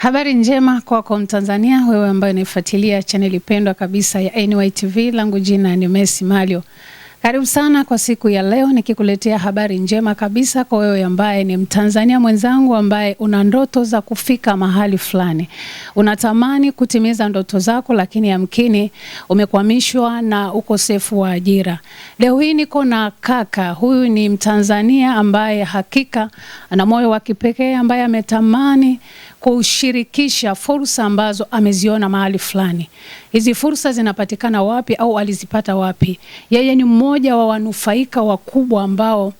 Habari njema kwako Mtanzania, wewe ambaye unaifuatilia chaneli pendwa kabisa ya NY TV, langu jina ni Messi Malio. Karibu sana kwa siku ya leo nikikuletea habari njema kabisa kwa wewe ambaye ni Mtanzania mwenzangu ambaye una ndoto za kufika mahali fulani. Unatamani kutimiza ndoto zako lakini yamkini umekwamishwa na ukosefu wa ajira. Leo hii niko na kaka, huyu ni Mtanzania ambaye hakika ana moyo wa kipekee ambaye ametamani kushirikisha fursa ambazo ameziona mahali fulani. Hizi fursa zinapatikana wapi au alizipata wapi? Yeye ni mmoja wa wanufaika wakubwa ambao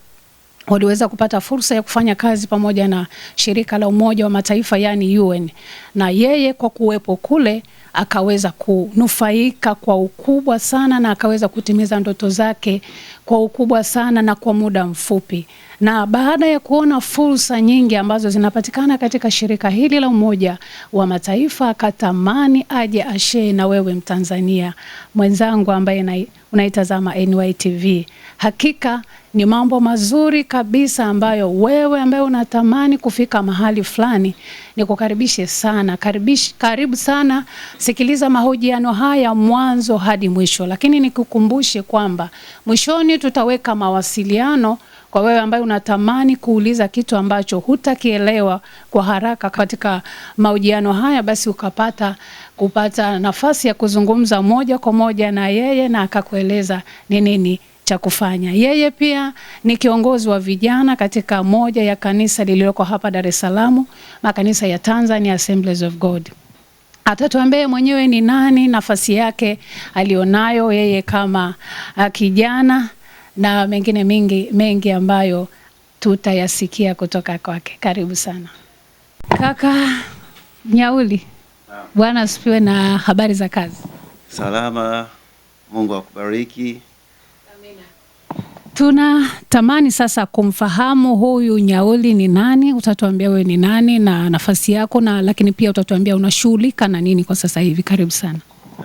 waliweza kupata fursa ya kufanya kazi pamoja na shirika la Umoja wa Mataifa yani UN, na yeye kwa kuwepo kule akaweza kunufaika kwa ukubwa sana na akaweza kutimiza ndoto zake kwa ukubwa sana na kwa muda mfupi. Na baada ya kuona fursa nyingi ambazo zinapatikana katika shirika hili la Umoja wa Mataifa, akatamani aje ashee na wewe Mtanzania mwenzangu ambaye unaitazama nytv Hakika ni mambo mazuri kabisa ambayo wewe ambaye unatamani kufika mahali fulani, nikukaribishe sana. Karibish, karibu sana, sikiliza mahojiano haya mwanzo hadi mwisho, lakini nikukumbushe kwamba mwishoni tutaweka mawasiliano kwa wewe ambaye unatamani kuuliza kitu ambacho hutakielewa kwa haraka katika mahojiano haya, basi ukapata kupata nafasi ya kuzungumza moja kwa moja na yeye na akakueleza ni nini cha kufanya. Yeye pia ni kiongozi wa vijana katika moja ya kanisa lililoko hapa Dar es Salaam, makanisa ya Tanzania Assemblies of God. Atatuambia mwenyewe ni nani, nafasi yake alionayo yeye kama ah, kijana na mengine mengi mengi ambayo tutayasikia kutoka kwake. Karibu sana kaka Nyauli. Bwana asifiwe. Na habari za kazi? Salama, Mungu akubariki tuna tamani sasa kumfahamu huyu Nyauli ni nani. Utatuambia wewe ni nani na nafasi yako, na lakini pia utatuambia unashughulika na nini kwa sasa hivi. Karibu sana.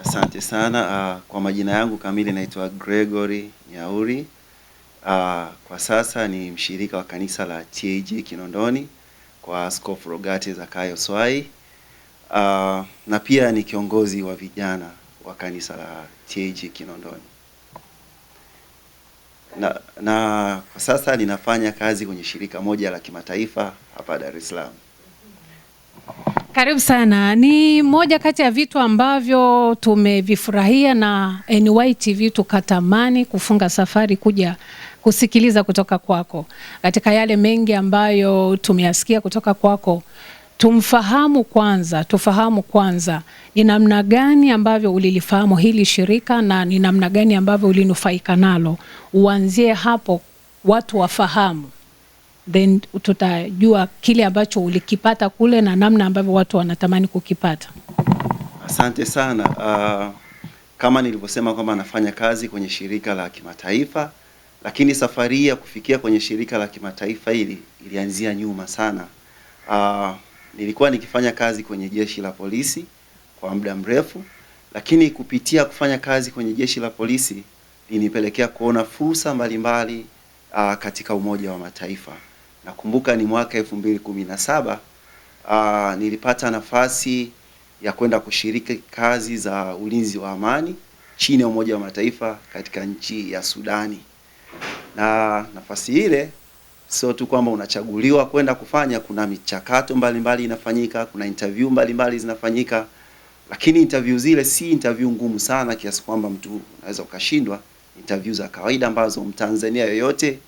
Asante sana. Uh, kwa majina yangu kamili naitwa Gregory Nyauri. Uh, ah, kwa sasa ni mshirika wa kanisa la TAG Kinondoni kwa Askofu Rogate Zakayo Swai. Uh, na pia ni kiongozi wa vijana wa kanisa la TAG Kinondoni na, na kwa sasa ninafanya kazi kwenye shirika moja la kimataifa hapa Dar es Salaam. Karibu sana. Ni moja kati ya vitu ambavyo tumevifurahia na NY TV tukatamani kufunga safari kuja kusikiliza kutoka kwako, katika yale mengi ambayo tumeyasikia kutoka kwako tumfahamu kwanza, tufahamu kwanza ni namna gani ambavyo ulilifahamu hili shirika na ni namna gani ambavyo ulinufaika nalo. Uanzie hapo, watu wafahamu, then tutajua kile ambacho ulikipata kule na namna ambavyo watu wanatamani kukipata. Asante sana. Uh, kama nilivyosema kwamba nafanya kazi kwenye shirika la kimataifa, lakini safari ya kufikia kwenye shirika la kimataifa hili ilianzia nyuma sana. Uh, Nilikuwa nikifanya kazi kwenye jeshi la polisi kwa muda mrefu, lakini kupitia kufanya kazi kwenye jeshi la polisi linipelekea kuona fursa mbalimbali mbali, ah, katika Umoja wa Mataifa. Nakumbuka ni mwaka 2017 aa, ah, nilipata nafasi ya kwenda kushiriki kazi za ulinzi wa amani chini ya Umoja wa Mataifa katika nchi ya Sudani, na nafasi ile sio tu kwamba unachaguliwa kwenda kufanya. Kuna michakato mbalimbali inafanyika, kuna interview mbalimbali zinafanyika, lakini interview zile si interview ngumu sana kiasi kwamba mtu unaweza ukashindwa. Interview za kawaida ambazo mtanzania yoyote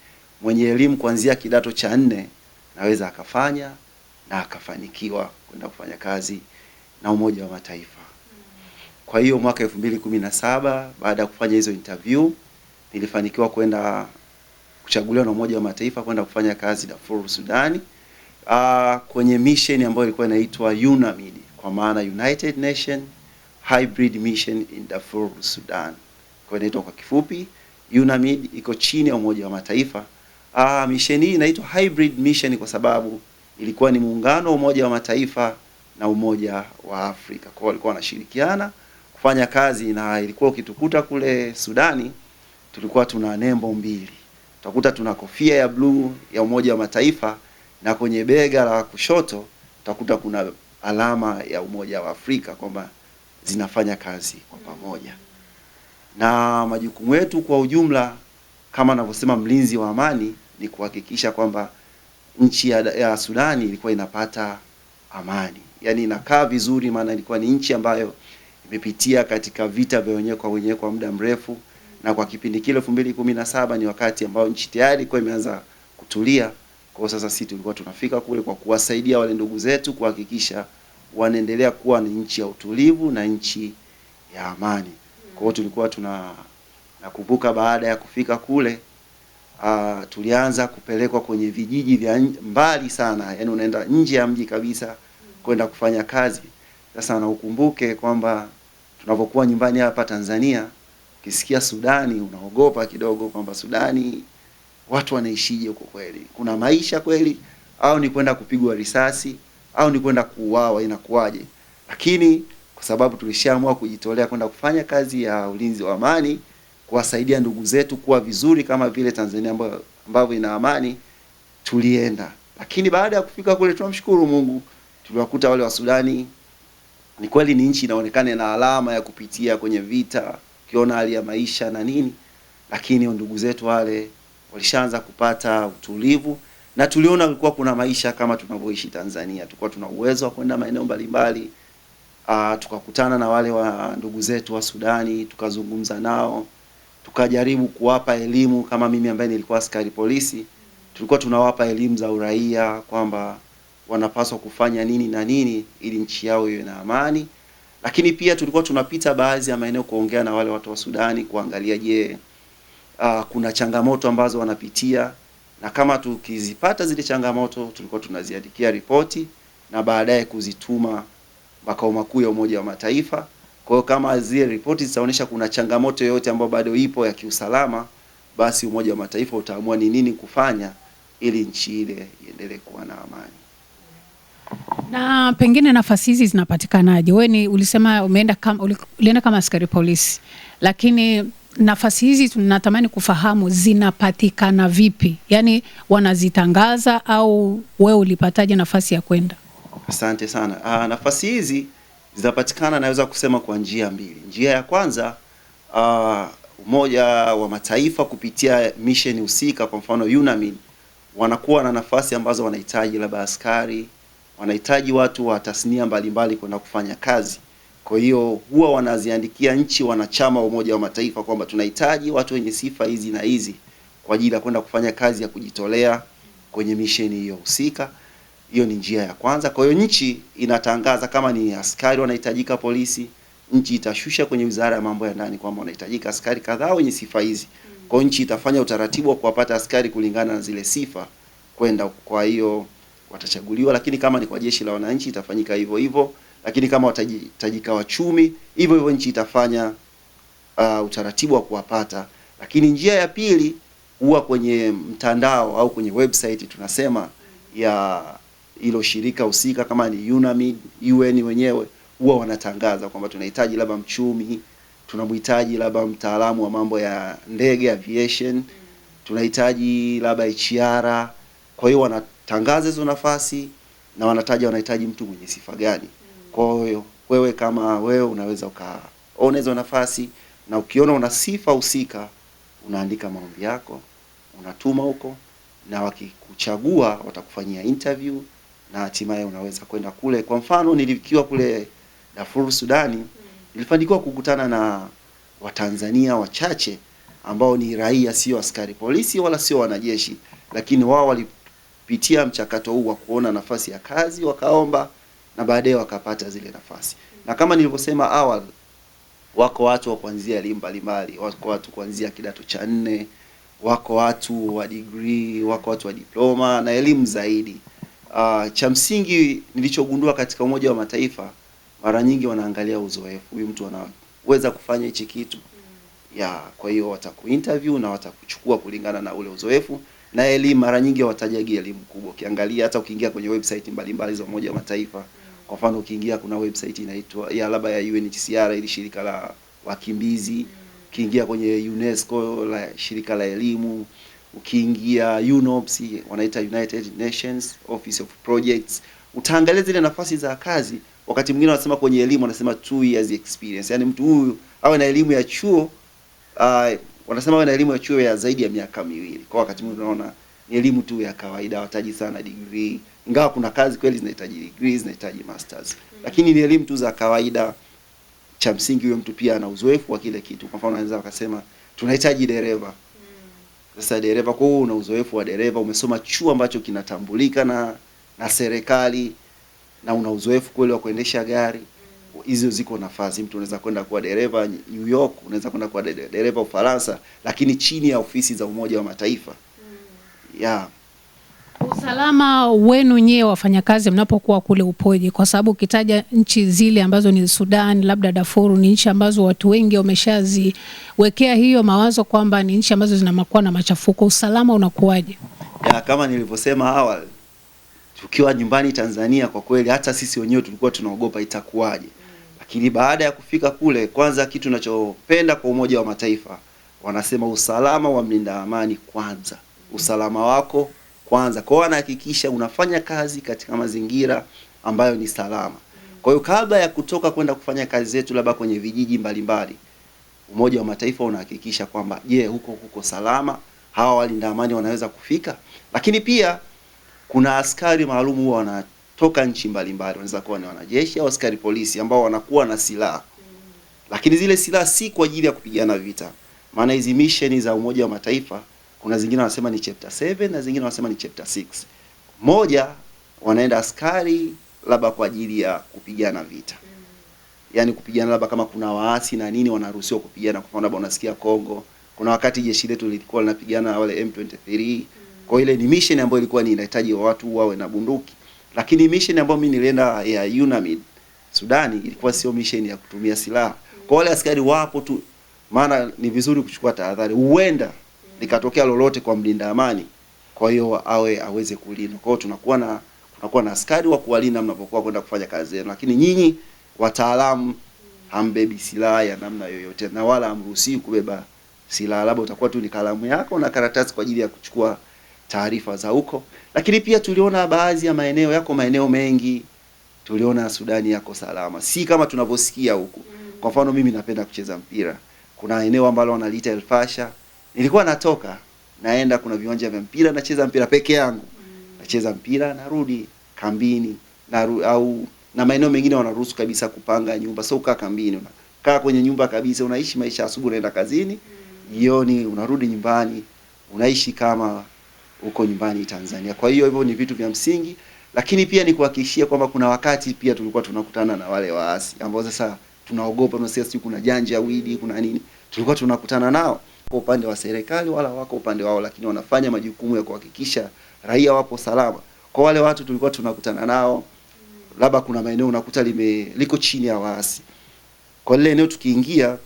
mwenye elimu kuanzia kidato cha nne naweza akafanya na akafanikiwa kwenda kufanya kazi na Umoja wa Mataifa. Kwa hiyo mwaka 2017 baada ya kufanya hizo interview nilifanikiwa kwenda kuchaguliwa na Umoja wa Mataifa kwenda kufanya kazi Darfur Sudani, uh, ah, kwenye mission ambayo ilikuwa inaitwa UNAMID kwa maana United Nation Hybrid Mission in Darfur Sudan, kwa inaitwa kwa kifupi UNAMID, iko chini ya Umoja wa Mataifa. Uh, mission hii inaitwa hybrid mission kwa sababu ilikuwa ni muungano wa Umoja wa Mataifa na Umoja wa Afrika, kwa walikuwa wanashirikiana kufanya kazi, na ilikuwa ukitukuta kule Sudani tulikuwa tuna nembo mbili utakuta tuna kofia ya bluu ya Umoja wa Mataifa na kwenye bega la kushoto utakuta kuna alama ya Umoja wa Afrika kwamba zinafanya kazi kwa pamoja. Na majukumu yetu kwa ujumla, kama anavyosema mlinzi wa amani, ni kuhakikisha kwamba nchi ya, ya Sudani ilikuwa inapata amani, yaani inakaa vizuri, maana ilikuwa ni nchi ambayo imepitia katika vita vya wenyewe kwa wenyewe kwa muda mrefu na kwa kipindi kile 2017 ni wakati ambao nchi tayari kwa imeanza kutulia. Kwa sasa sisi tulikuwa tunafika kule kwa kuwasaidia wale ndugu zetu kuhakikisha wanaendelea kuwa ni nchi ya utulivu na nchi ya amani. Kwa hiyo tulikuwa tuna nakumbuka baada ya kufika kule uh, tulianza kupelekwa kwenye vijiji vya mbali sana, yani unaenda nje ya mji kabisa kwenda kufanya kazi. Sasa na ukumbuke kwamba tunapokuwa nyumbani hapa Tanzania Ukisikia Sudani unaogopa kidogo kwamba Sudani watu wanaishije huko kweli? Kuna maisha kweli au ni kwenda kupigwa risasi au ni kwenda kuuawa? Inakuwaje? Lakini kwa sababu tulishaamua kujitolea kwenda kufanya kazi ya ulinzi wa amani, kuwasaidia ndugu zetu kuwa vizuri kama vile Tanzania ambavyo ina amani, tulienda. Lakini baada ya kufika kule, tunamshukuru Mungu, tuliwakuta wale wa Sudani. Ni kweli ni nchi inaonekana ina alama ya kupitia kwenye vita ukiona hali ya maisha na nini, lakini ndugu zetu wale walishaanza kupata utulivu na tuliona kulikuwa kuna maisha kama tunavyoishi Tanzania. Tulikuwa tuna uwezo wa kwenda maeneo mbalimbali, ah, tukakutana na wale wa ndugu zetu wa Sudani, tukazungumza nao, tukajaribu kuwapa elimu. Kama mimi ambaye nilikuwa askari polisi, tulikuwa tunawapa elimu za uraia kwamba wanapaswa kufanya nini na nini ili nchi yao iwe na amani. Lakini pia tulikuwa tunapita baadhi ya maeneo kuongea na wale watu wa Sudani kuangalia, je, uh, kuna changamoto ambazo wanapitia, na kama tukizipata zile changamoto tulikuwa tunaziandikia ripoti na baadaye kuzituma makao makuu ya Umoja wa Mataifa. Kwa hiyo kama zile ripoti zitaonyesha kuna changamoto yoyote ambayo bado ipo ya kiusalama, basi Umoja wa Mataifa utaamua ni nini kufanya ili nchi ile iendelee kuwa na amani. Na pengine nafasi hizi zinapatikanaje? Wewe ni ulisema umeenda kama, ulienda kama askari polisi, lakini nafasi hizi tunatamani kufahamu zinapatikana vipi, yaani wanazitangaza au wewe ulipataje nafasi ya kwenda? Asante sana. Aa, ah, nafasi hizi zinapatikana naweza kusema kwa njia mbili. Njia ya kwanza aa, ah, Umoja wa Mataifa kupitia misheni husika, kwa mfano UNAMID wanakuwa na nafasi ambazo wanahitaji labda askari wanahitaji watu wa tasnia mbalimbali kwenda kufanya kazi. Kwa hiyo huwa wanaziandikia nchi wanachama wa Umoja wa Mataifa kwamba tunahitaji watu wenye sifa hizi na hizi kwa ajili ya kwenda kufanya kazi ya kujitolea kwenye misheni hiyo husika. Hiyo ni njia ya kwanza. Kwa hiyo nchi inatangaza kama ni askari wanahitajika polisi, nchi itashusha kwenye Wizara ya Mambo ya Ndani kwamba wanahitajika askari kadhaa wenye sifa hizi. Kwa hiyo nchi itafanya utaratibu wa kuwapata askari kulingana na zile sifa kwenda. Kwa hiyo watachaguliwa, lakini kama ni kwa jeshi la wananchi itafanyika hivyo hivyo, lakini kama watahitajika wachumi hivyo hivyo, nchi itafanya uh, utaratibu wa kuwapata. Lakini njia ya pili huwa kwenye mtandao au kwenye website tunasema ya ilo shirika husika, kama ni UNAMID, UN wenyewe huwa wanatangaza kwamba tunahitaji labda mchumi, tunamhitaji labda mtaalamu wa mambo ya ndege aviation, tunahitaji labda HR. Kwa hiyo wana tangaza hizo nafasi na wanataja wanahitaji mtu mwenye sifa gani. Kwa hiyo wewe kama wewe unaweza ukaona hizo nafasi, na ukiona una sifa husika, unaandika maombi yako, unatuma huko, na wakikuchagua watakufanyia interview na hatimaye unaweza kwenda kule. Kwa mfano, nilikiwa kule Darfur Sudani, nilifanikiwa kukutana na Watanzania wachache ambao ni raia, sio askari polisi wala sio wanajeshi, lakini wao wali kupitia mchakato huu wa kuona nafasi ya kazi wakaomba na baadaye wakapata zile nafasi. Na kama nilivyosema awali, wako watu wa kuanzia elimu mbalimbali, wako watu kuanzia kidato cha nne, wako watu wa degree, wako watu wa diploma na elimu zaidi. Uh, cha msingi nilichogundua katika Umoja wa Mataifa mara nyingi wanaangalia uzoefu, huyu mtu anaweza kufanya hichi kitu ya Kwa hiyo watakuinterview na watakuchukua kulingana na ule uzoefu na elimu mara nyingi hawatajagi elimu kubwa. Ukiangalia hata ukiingia kwenye website mbalimbali za Umoja wa Mataifa, kwa mfano ukiingia, kuna website inaitwa ya labda ya UNHCR ili shirika la wakimbizi, ukiingia kwenye UNESCO la shirika la elimu, ukiingia UNOPS wanaita United Nations Office of Projects, utaangalia zile nafasi za kazi. Wakati mwingine wanasema kwenye elimu wanasema two years experience, yani mtu huyu awe na elimu ya chuo uh, wanasema wana elimu ya chuo ya zaidi ya miaka miwili. Kwa wakati mwingine unaona ni elimu tu ya kawaida, hawataji sana degree, ingawa kuna kazi kweli zinahitaji degree, zinahitaji masters, mm. lakini ni elimu tu za kawaida. Cha msingi huyo mtu pia ana uzoefu wa kile kitu. Kwa mfano, anaweza akasema tunahitaji dereva. Mm. Sasa dereva, kwa hiyo una uzoefu wa dereva, umesoma chuo ambacho kinatambulika na na serikali na una uzoefu kweli wa kuendesha gari hizo ziko nafasi. Mtu unaweza kwenda kuwa dereva New York, unaweza kwenda kuwa dereva Ufaransa, lakini chini ya ofisi za Umoja wa Mataifa mm. yeah. Usalama wenu nyewe wafanyakazi mnapokuwa kule upoje? Kwa sababu ukitaja nchi zile ambazo ni Sudan, labda Darfur, ni nchi ambazo watu wengi wameshaziwekea hiyo mawazo kwamba ni nchi ambazo zinakuwa na machafuko. Usalama unakuwaje? Ya, kama nilivyosema awali, tukiwa nyumbani Tanzania, kwa kweli hata sisi wenyewe tulikuwa tunaogopa itakuwaje. Lakini baada ya kufika kule, kwanza kitu nachopenda kwa Umoja wa Mataifa wanasema usalama wa mlinda amani kwanza, usalama wako kwanza. Kwa wanahakikisha unafanya kazi katika mazingira ambayo ni salama. Kwa hiyo kabla ya kutoka kwenda kufanya kazi zetu labda kwenye vijiji mbalimbali, Umoja wa Mataifa unahakikisha kwamba je, huko huko salama, hawa walinda amani wanaweza kufika. Lakini pia kuna askari maalum huwa wana toka nchi mbalimbali, wanaweza kuwa ni wanajeshi au askari polisi ambao wanakuwa na silaha, lakini zile silaha si kwa ajili ya kupigana vita. Maana hizi mission za Umoja wa Mataifa kuna zingine wanasema ni chapter 7 na zingine wanasema ni chapter 6. Moja wanaenda askari labda kwa ajili ya kupigana vita yaani kupigana labda kama kuna waasi na nini wanaruhusiwa kupigana. Kwa mfano labda unasikia Kongo, kuna wakati jeshi letu lilikuwa linapigana wale M23. Kwa ile ni mission ambayo ilikuwa ni inahitaji watu wawe na bunduki, lakini mission ambayo mimi nilienda ya UNAMID Sudani ilikuwa sio mission ya kutumia silaha. Kwa wale askari wapo tu, maana ni vizuri kuchukua tahadhari, huenda likatokea lolote kwa mlinda amani, kwa hiyo awe aweze kulinda. Kwa hiyo tunakuwa na tunakuwa na askari wa kuwalinda mnapokuwa kwenda kufanya kazi yenu, lakini nyinyi wataalamu hambebi silaha ya namna yoyote, na wala hamruhusiwi kubeba silaha, labda utakuwa tu ni kalamu yako na karatasi kwa ajili ya kuchukua taarifa za huko, lakini pia tuliona baadhi ya maeneo yako, maeneo mengi tuliona Sudani yako salama, si kama tunavyosikia huku. Mm. Kwa mfano mimi napenda kucheza mpira, kuna eneo ambalo wanaliita El Fasha, nilikuwa natoka naenda, kuna viwanja vya mpira, nacheza mpira peke yangu, mm. nacheza mpira narudi kambini naru, au na maeneo mengine wanaruhusu kabisa kupanga nyumba, sio ukaa kambini, unakaa kwenye nyumba kabisa, unaishi maisha, asubuhi unaenda kazini, mm. jioni unarudi nyumbani, unaishi kama huko nyumbani Tanzania. Kwa hiyo hivyo ni vitu vya msingi, lakini pia ni kuhakikishia kwamba kuna wakati pia tulikuwa tunakutana na wale waasi ambao sasa tunaogopa, tunasikia sijui kuna janja widi, kuna nini, tulikuwa tunakutana nao kwa upande wa serikali wala wako upande wao, lakini wanafanya majukumu ya kuhakikisha raia wapo salama. Kwa wale watu tulikuwa tunakutana nao, labda kuna maeneo unakuta lime liko chini ya waasi, kwa lile eneo tukiingia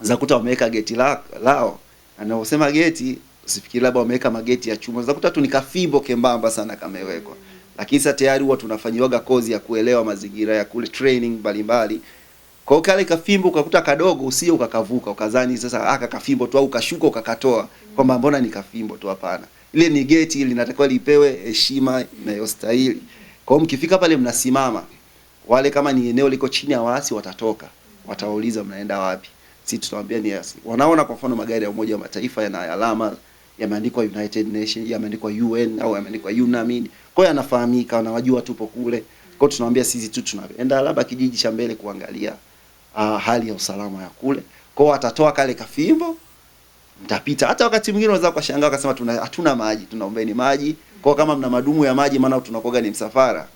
zakuta wameweka geti la, lao anaosema geti usifikiri labda wameweka mageti ya chuma, unaweza kuta tu ni kafimbo kembamba sana kamewekwa, lakini sasa tayari huwa tunafanyiwaga kozi ya kuelewa mazingira ya kule training mbalimbali. Kwa hiyo kale kafimbo ukakuta kadogo, usije ukakavuka ukazani sasa aka ah, kafimbo tu au ukashuka ukakatoa kwamba mbona ni kafimbo tu. Hapana, ile ni geti, linatakiwa lipewe heshima inayostahili. Kwa hiyo mkifika pale mnasimama, wale kama ni eneo liko chini ya waasi watatoka, watawauliza mnaenda wapi? Sisi tutawaambia ni asi. Wanaona kwa mfano magari ya Umoja wa Mataifa yana alama yameandikwa United Nations, yameandikwa UN au yameandikwa UNAMID. Kwa hiyo anafahamika, anawajua tupo kule. Kwa hiyo tunamwambia sisi tu tunaenda labda kijiji cha mbele kuangalia uh, hali ya usalama ya kule. Kwa hiyo atatoa kale kafimbo mtapita. Hata wakati mwingine unaweza ukashangaa akasema tuna hatuna maji, tunaombeni maji. Kwa kama mna madumu ya maji, maana tunakoga ni msafara.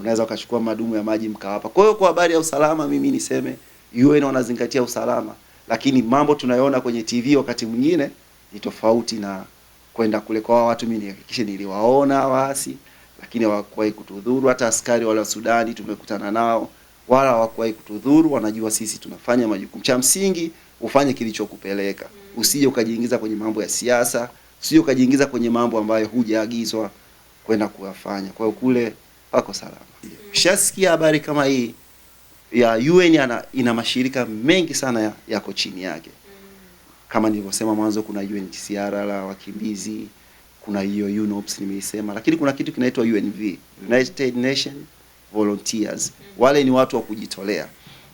Unaweza ukachukua madumu ya maji mkawapa. Kwa hiyo kwa habari ya usalama, mimi niseme UN wanazingatia usalama, lakini mambo tunayoona kwenye TV wakati mwingine ni tofauti na kwenda kule kwa watu. Mimi nihakikishe niliwaona waasi, lakini hawakuwahi kutudhuru. Hata askari wale wa Sudani tumekutana nao, wala hawakuwahi kutudhuru. Wanajua sisi tunafanya majukumu. Cha msingi ufanye kilichokupeleka, mm. usije ukajiingiza kwenye mambo ya siasa, usije ukajiingiza kwenye mambo ambayo hujaagizwa kwenda kuyafanya. Kwa hiyo kule wako salama. Mm. Ushasikia habari kama hii ya UN ina mashirika mengi sana yako ya chini yake kama nilivyosema mwanzo, kuna UNHCR la wakimbizi, kuna hiyo UNOPS nimeisema, lakini kuna kitu kinaitwa UNV, United Nation Volunteers. Wale ni watu wa kujitolea.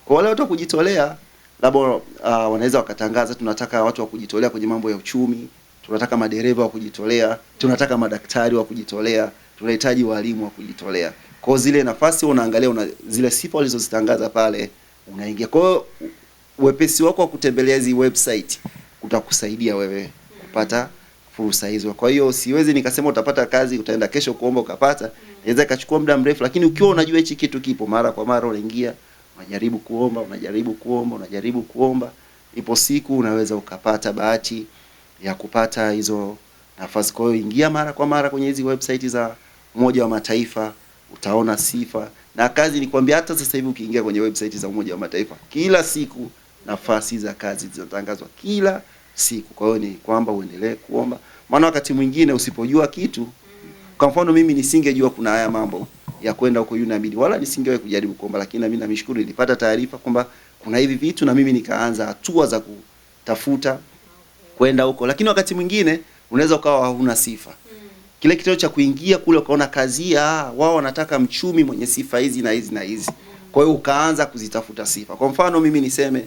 Kwa wale watu wa kujitolea labda uh, wanaweza wakatangaza, tunataka watu wa kujitolea kwenye mambo ya uchumi, tunataka madereva wa kujitolea, tunataka madaktari wa kujitolea, tunahitaji walimu wa kujitolea. Kwa zile nafasi unaangalia una, zile sifa walizozitangaza pale unaingia. Kwa hiyo wepesi wako wa kutembelea hizi website kutakusaidia wewe kupata fursa hizo. Kwa hiyo siwezi nikasema utapata kazi, utaenda kesho kuomba ukapata, inaweza ikachukua muda mrefu, lakini ukiwa unajua hichi kitu kipo, mara kwa mara unaingia, unajaribu kuomba, unajaribu kuomba, unajaribu kuomba, ipo siku unaweza ukapata bahati ya kupata hizo nafasi. Kwa hiyo ingia mara kwa mara kwenye hizi website za Umoja wa Mataifa, utaona sifa na kazi. Nikwambia hata sasa hivi ukiingia kwenye website za Umoja wa Mataifa, kila siku nafasi za kazi zinatangazwa kila siku. Kwa hiyo ni kwamba uendelee kuomba, maana wakati mwingine usipojua kitu, kwa mfano mimi nisingejua kuna haya mambo ya kwenda huko UNAMID wala nisingewahi kujaribu kuomba, lakini na mimi namshukuru, nilipata taarifa kwamba kuna hivi vitu na mimi nikaanza hatua za kutafuta kwenda huko. Lakini wakati mwingine unaweza ukawa huna sifa kile kitendo cha kuingia kule ukaona kazi ya ah, wao wanataka mchumi mwenye sifa hizi na hizi na hizi, kwa hiyo ukaanza kuzitafuta sifa. Kwa mfano mimi niseme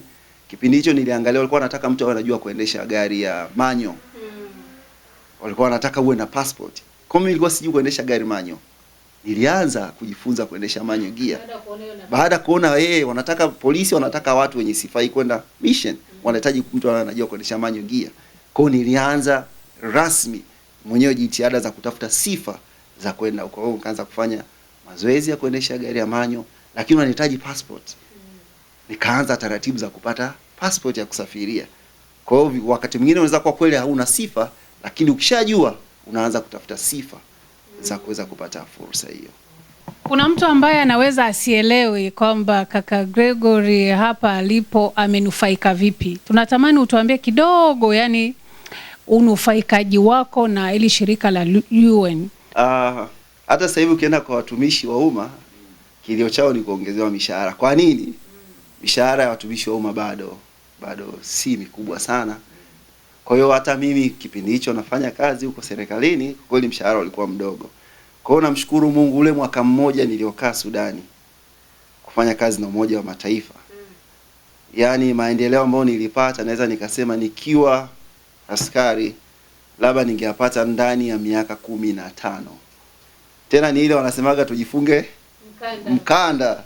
Kipindi hicho niliangalia, walikuwa wanataka mtu awe anajua kuendesha gari ya manyo mm. walikuwa wanataka uwe na passport. Kwa mimi nilikuwa sijui kuendesha gari manyo, nilianza kujifunza kuendesha manyo gia baada ya kuona yeye hey, wanataka polisi, wanataka watu wenye sifa hii kwenda mission mm. wanahitaji mtu awe anajua kuendesha manyo gia. Kwa hiyo nilianza rasmi mwenyewe jitihada za kutafuta sifa za kwenda huko, nikaanza kufanya mazoezi ya kuendesha gari ya manyo, lakini wanahitaji passport nikaanza taratibu za kupata passport ya kusafiria. Kwa hiyo wakati mwingine unaweza kuwa kweli hauna sifa, lakini ukishajua unaanza kutafuta sifa za kuweza kupata fursa hiyo. Kuna mtu ambaye anaweza asielewi kwamba kaka Gregory hapa alipo amenufaika vipi. Tunatamani utuambie kidogo, yani unufaikaji wako na ili shirika la UN. Uh, ah, hata sasa hivi ukienda kwa watumishi wa umma kilio chao ni kuongezewa mishahara. Kwa nini? mishahara ya watumishi wa umma bado bado si mikubwa sana. Kwa hiyo hata mimi kipindi hicho nafanya kazi huko serikalini, kwa kweli mshahara ulikuwa mdogo. Kwa hiyo namshukuru Mungu, ule mwaka mmoja niliokaa Sudani kufanya kazi na Umoja wa Mataifa, yaani maendeleo ambayo nilipata naweza nikasema nikiwa askari labda ningeyapata ndani ya miaka kumi na tano. Tena ni ile wanasemaga tujifunge mkanda, mkanda.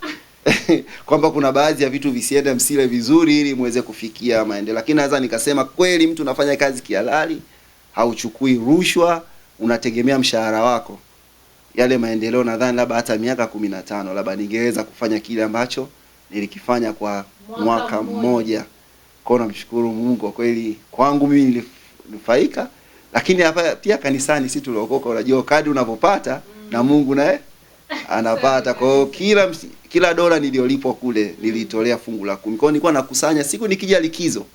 kwamba kuna baadhi ya vitu visiende msile vizuri ili muweze kufikia maendeleo. Lakini naweza nikasema kweli, mtu unafanya kazi kihalali, hauchukui rushwa, unategemea mshahara wako, yale maendeleo, nadhani labda hata miaka kumi na tano labda ningeweza kufanya kile ambacho nilikifanya kwa mwaka, mmoja. Kwa namshukuru Mungu kwa kweli, kwangu mimi nilifaika, lakini hapa pia kanisani, si tuliokoka, unajua kadri unavyopata mm, na Mungu naye anapata. Kwa hiyo kila kila dola niliyolipwa kule nilitolea fungu la kumi. Kwa hiyo nilikuwa nakusanya siku nikija likizo,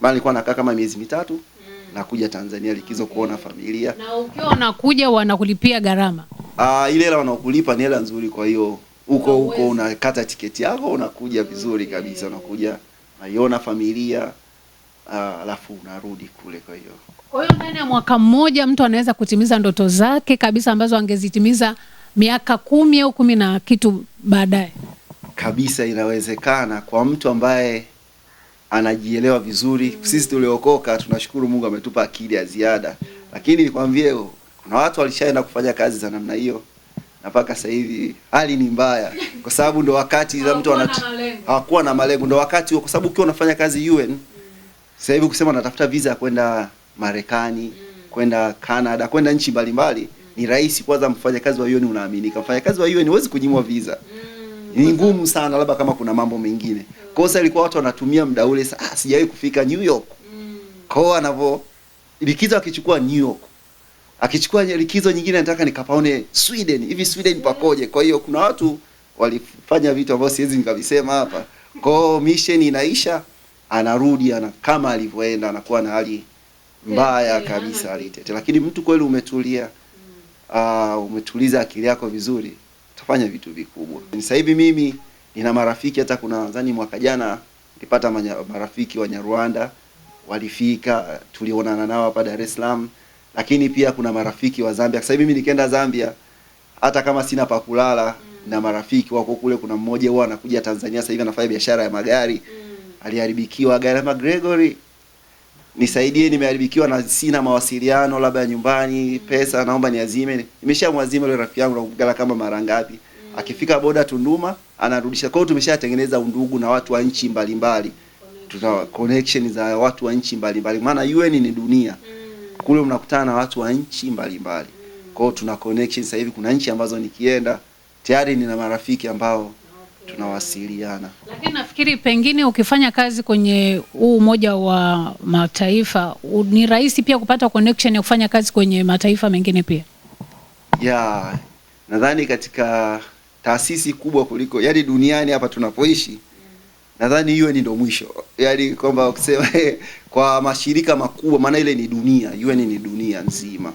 maana nilikuwa nakaa kama miezi mitatu mm. nakuja Tanzania likizo okay, kuona familia. Na ukiwa unakuja wanakulipia gharama? Ah, ile hela wanaokulipa ni hela nzuri, kwa hiyo huko huko unakata tiketi yako unakuja okay, mm. vizuri kabisa unakuja naiona familia ah, alafu unarudi kule. Kwa hiyo kwa hiyo ndani ya mwaka mmoja mtu anaweza kutimiza ndoto zake kabisa ambazo angezitimiza miaka kumi au kumi na kitu baadaye. Kabisa, inawezekana kwa mtu ambaye anajielewa vizuri. mm. Sisi tuliokoka tunashukuru Mungu ametupa akili ya ziada, mm. lakini nikwambie, kuna watu walishaenda kufanya kazi za namna hiyo na mpaka sasa hivi hali ni mbaya, kwa sababu ndo wakati za mtu hawakuwa na malengo, ndo wakati huo, kwa sababu ukiwa unafanya kazi UN, mm. sasa hivi kusema natafuta visa ya kwenda Marekani, mm. kwenda Canada, kwenda nchi mbalimbali ni rahisi kwanza, mfanyakazi wa UN unaaminika. Mfanyakazi wa UN huwezi kunyimwa visa ni ngumu sana, labda kama kuna mambo mengine. Kosa ilikuwa watu wanatumia muda ule, ah, sijawahi kufika New York Kwa hiyo anavyo likizo akichukua New York akichukua likizo nyingine, nataka nikapaone Sweden, hivi Sweden pakoje? Kwa hiyo kuna watu walifanya vitu ambavyo siwezi nikavisema hapa. Kwa hiyo mission inaisha, anarudi ana kama alivyoenda, anakuwa na hali mbaya kabisa alitete, lakini mtu kweli umetulia uh, umetuliza akili yako vizuri, utafanya vitu vikubwa. Sasa hivi mimi nina marafiki hata kuna nadhani mwaka jana nilipata marafiki wa Nyarwanda walifika, tulionana nao hapa Dar es Salaam, lakini pia kuna marafiki wa Zambia. Sasa hivi mimi nikienda Zambia hata kama sina pa kulala mm. na marafiki wako kule. Kuna mmoja huwa anakuja Tanzania sasa hivi anafanya biashara ya magari mm. aliharibikiwa gari la Gregory nisaidie, nimeharibikiwa na sina mawasiliano labda nyumbani, pesa naomba niazime. Nimeshamwazima yule rafiki yangu nakugala kama mara ngapi, mm. akifika boda Tunduma anarudisha. Kwa hiyo tumeshatengeneza undugu na watu wa nchi mbalimbali, tuna connection za watu wa nchi mbalimbali, maana UN ni dunia mm. kule, mnakutana na watu wa nchi mbalimbali. Mm. Kwa hiyo tuna connection sasa hivi, kuna nchi ambazo nikienda tayari nina marafiki ambao tunawasiliana. Lakini nafikiri pengine ukifanya kazi kwenye huu Umoja wa Mataifa ni rahisi pia kupata connection ya kufanya kazi kwenye mataifa mengine pia ya nadhani katika taasisi kubwa kuliko yani duniani hapa tunapoishi nadhani hiyo ndio ndo mwisho, yani kwamba ukisema kwa mashirika makubwa, maana ile ni dunia, UN ni dunia nzima.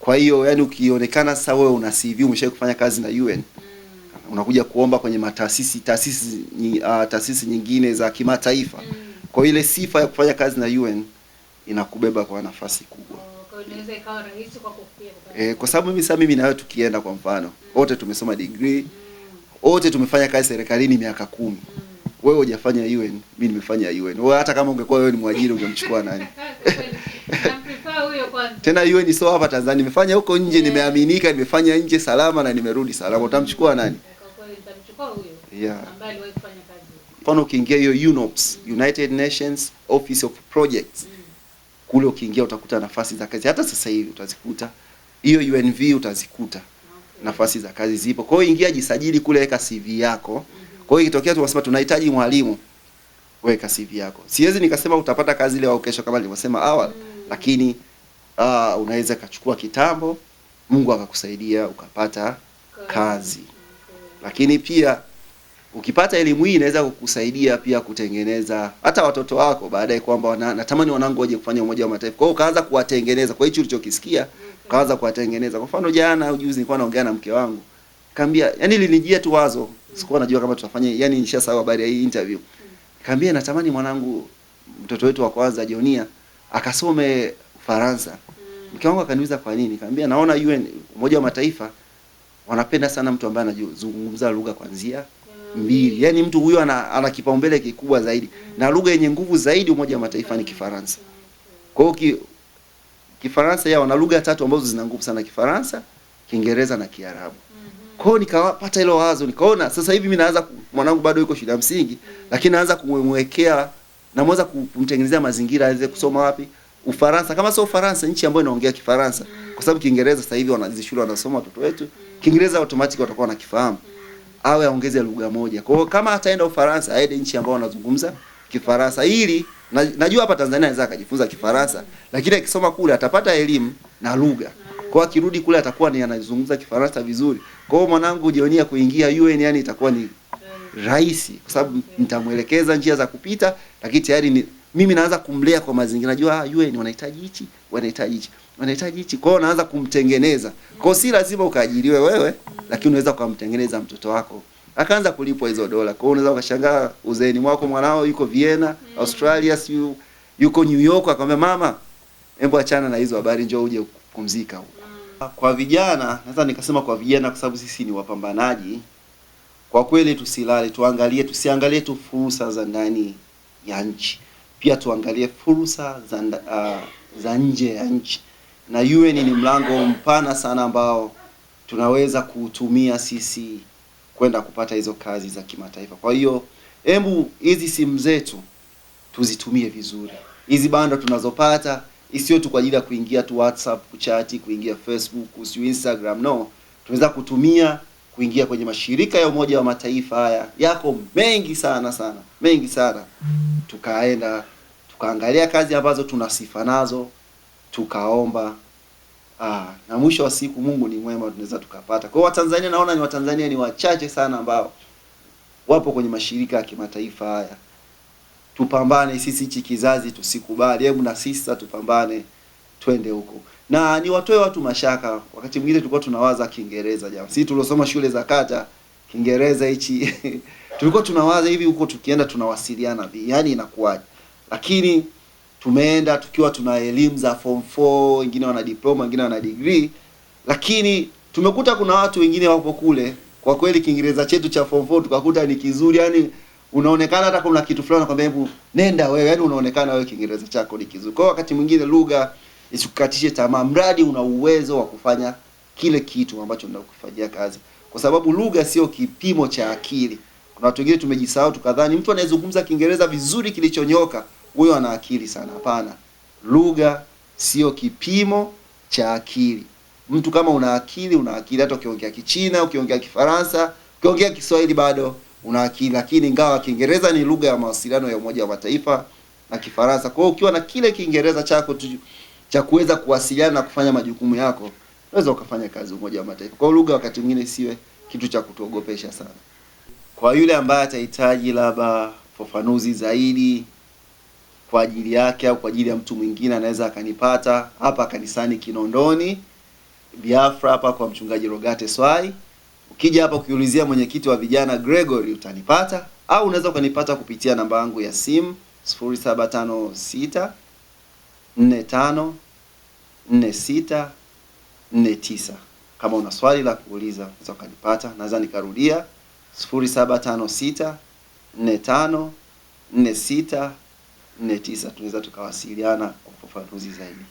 Kwa hiyo yani ukionekana sasa wewe una CV umeshawahi kufanya kazi na UN unakuja kuomba kwenye mataasisi taasisi uh, taasisi nyingine za kimataifa mm. Kwa ile sifa ya kufanya kazi na UN inakubeba kwa nafasi kubwa oh, kwa eh, sababu mimi sasa mimi nawe tukienda kwa mfano mm. wote mm. tumesoma degree mm. wote mm. tumefanya kazi serikalini miaka kumi mm. Wewe hujafanya UN, mimi nimefanya UN. Wewe hata kama ungekuwa wewe ni mwajiri ungemchukua nani? Tena UN sio hapa Tanzania, nimefanya huko nje yeah. Nimeaminika, nimefanya nje salama na nimerudi salama, utamchukua nani? Mfano ukiingia hiyo UNOPS, United Nations Office of Projects mm. kule ukiingia utakuta nafasi za kazi, hata sasa hivi utazikuta hiyo UNV utazikuta okay. nafasi za kazi zipo. Kwa hiyo ingia, jisajili kule, weka CV yako mm -hmm. Kwa hiyo ikitokea tu wasema tunahitaji mwalimu, weka CV yako. Siwezi nikasema utapata kazi leo au kesho kama nilivyosema awali mm. lakini uh, unaweza kachukua kitambo, Mungu akakusaidia ukapata kazi lakini pia ukipata elimu hii inaweza kukusaidia pia kutengeneza hata watoto wako baadaye, kwamba natamani wanangu waje kufanya Umoja wa Mataifa. Kwa hiyo ukaanza kuwatengeneza kwa hicho ulichokisikia, ukaanza kuwatengeneza. Kwa mfano, jana ujuzi nilikuwa naongea na mke wangu, kaambia, yani linijia tu wazo, sikuwa najua kama tutafanya, yani nishasahau habari ya hii interview. Kaambia natamani mwanangu, mtoto wetu wa kwanza Jonia akasome Faransa. Mke wangu akaniuliza kwa nini, kaambia naona UN Umoja wa Mataifa wanapenda sana mtu ambaye anazungumza lugha kwanzia mbili, yaani mtu huyo ana, ana kipaumbele kikubwa zaidi na lugha yenye nguvu zaidi Umoja wa Mataifa ni Kifaransa. Kwa hiyo ki, Kifaransa yao wana lugha tatu ambazo zina nguvu sana: Kifaransa, Kiingereza na Kiarabu. Kwa hiyo nikapata hilo wazo, nikaona sasa hivi mimi naanza, mwanangu bado yuko shule ya msingi, lakini naanza kumwekea, na namweza kumtengenezea mazingira aweze kusoma wapi Ufaransa, kama sio Ufaransa, nchi ambayo inaongea Kifaransa, kwa sababu Kiingereza sasa hivi wanazishule wanasoma watoto wetu Kiingereza automatic watakuwa wanakifahamu, awe aongeze lugha moja. Kwa hiyo kama ataenda Ufaransa, aende nchi ambayo wanazungumza Kifaransa ili na, najua hapa Tanzania anaweza akajifunza Kifaransa, lakini akisoma kule atapata elimu na lugha. Kwa hiyo akirudi kule atakuwa ni anazungumza Kifaransa vizuri. Kwa hiyo mwanangu jionia kuingia UN yani itakuwa ni rahisi kwa sababu nitamuelekeza njia za kupita, lakini tayari ni mimi naanza kumlea kwa mazingira. Najua ah, UN wanahitaji hichi, wanahitaji hichi wanahitaji hichi. Kwa hiyo unaanza kumtengeneza. Kwa si lazima ukaajiriwe wewe, lakini unaweza kumtengeneza mtoto wako. Akaanza kulipwa hizo dola. Kwa hiyo unaweza ukashangaa uzeeni mwako mwanao yuko Vienna, mm. Australia, si yuko New York akamwambia mama, hebu achana na hizo habari njoo uje kupumzika huko. Mm. Kwa vijana, naweza nikasema kwa vijana kwa sababu sisi ni wapambanaji. Kwa kweli tusilale, tuangalie, tusiangalie tu fursa za ndani ya nchi. Pia tuangalie fursa za uh, za nje ya nchi na UN ni mlango mpana sana ambao tunaweza kuutumia sisi kwenda kupata hizo kazi za kimataifa. Kwa hiyo hebu hizi simu zetu tuzitumie vizuri, hizi bando tunazopata isiyo tu kwa ajili ya kuingia tu WhatsApp, kuchati, kuingia Facebook, kusiu Instagram, no, tunaweza kutumia kuingia kwenye mashirika ya Umoja wa Mataifa. Haya yako mengi sana sana mengi sana, tukaenda tukaangalia kazi ambazo tuna sifa nazo tukaomba ah, na mwisho wa siku Mungu ni mwema, tunaweza tukapata. Kwa hiyo Watanzania naona ni Watanzania ni wachache sana ambao wapo kwenye mashirika ya kimataifa haya. Tupambane sisi, hichi kizazi tusikubali. Hebu na sisi sasa tupambane, twende huko na niwatoe watu mashaka. Wakati mwingine tulikuwa tunawaza Kiingereza jamaa, sisi tuliosoma shule za kata Kiingereza hichi tulikuwa tunawaza hivi, huko tukienda tunawasiliana vipi, yaani inakuwaje? Lakini tumeenda tukiwa tuna elimu za form 4, wengine wana diploma, wengine wana degree, lakini tumekuta kuna watu wengine wapo kule, kwa kweli Kiingereza chetu cha form 4 tukakuta ni kizuri, yani unaonekana hata kuna kitu fulani nakwambia, hebu nenda wewe, yani unaonekana wewe Kiingereza chako ni kizuri. Kwa wakati mwingine lugha isikukatishe tamaa, mradi una uwezo wa kufanya kile kitu ambacho unakufanyia kazi, kwa sababu lugha sio kipimo cha akili. Kuna watu wengine tumejisahau, tukadhani mtu anayezungumza Kiingereza vizuri kilichonyoka huyo ana akili sana. Hapana, lugha sio kipimo cha akili. Mtu kama una akili, una akili hata ukiongea Kichina, ukiongea Kifaransa, ukiongea Kiswahili bado una akili, lakini ingawa Kiingereza ni lugha ya mawasiliano ya Umoja wa Mataifa na Kifaransa. Kwa hiyo ukiwa na kile Kiingereza chako tu cha kuweza kuwasiliana na kufanya majukumu yako, unaweza ukafanya kazi Umoja wa Mataifa. Kwa hiyo lugha wakati mwingine siwe kitu cha kutuogopesha sana. Kwa yule ambaye atahitaji labda fafanuzi zaidi kwa ajili yake au kwa ajili ya mtu mwingine anaweza akanipata hapa kanisani Kinondoni Biafra hapa kwa mchungaji Rogate Swai. Ukija hapa ukiulizia mwenyekiti wa vijana Gregory utanipata, au unaweza ukanipata kupitia namba yangu ya simu 0756 45 46 Kama una swali la kuuliza unaweza ukanipata, naweza nikarudia 0756 45 46 tisa, tunaweza tukawasiliana kwa ufafanuzi zaidi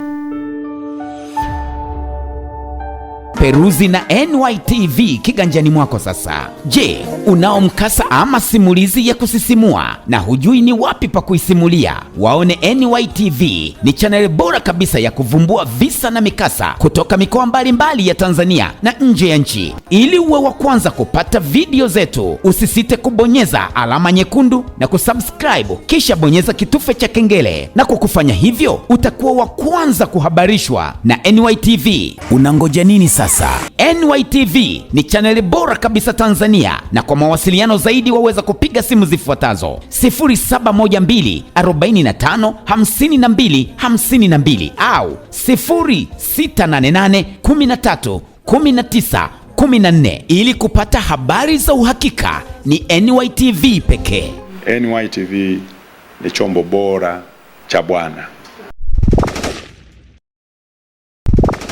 peruzi na NYTV kiganjani mwako sasa. Je, unao mkasa ama simulizi ya kusisimua na hujui ni wapi pa kuisimulia? Waone NYTV ni chaneli bora kabisa ya kuvumbua visa na mikasa kutoka mikoa mbalimbali ya Tanzania na nje ya nchi. Ili uwe wa kwanza kupata video zetu, usisite kubonyeza alama nyekundu na kusubscribe, kisha bonyeza kitufe cha kengele, na kwa kufanya hivyo utakuwa wa kwanza kuhabarishwa na NYTV. Unangoja nini sasa? sasa. NYTV ni chaneli bora kabisa Tanzania, na kwa mawasiliano zaidi waweza kupiga simu zifuatazo 0712 45 52 52 au 0688 13 19 14. Ili kupata habari za uhakika ni NYTV pekee. NYTV ni chombo bora cha Bwana.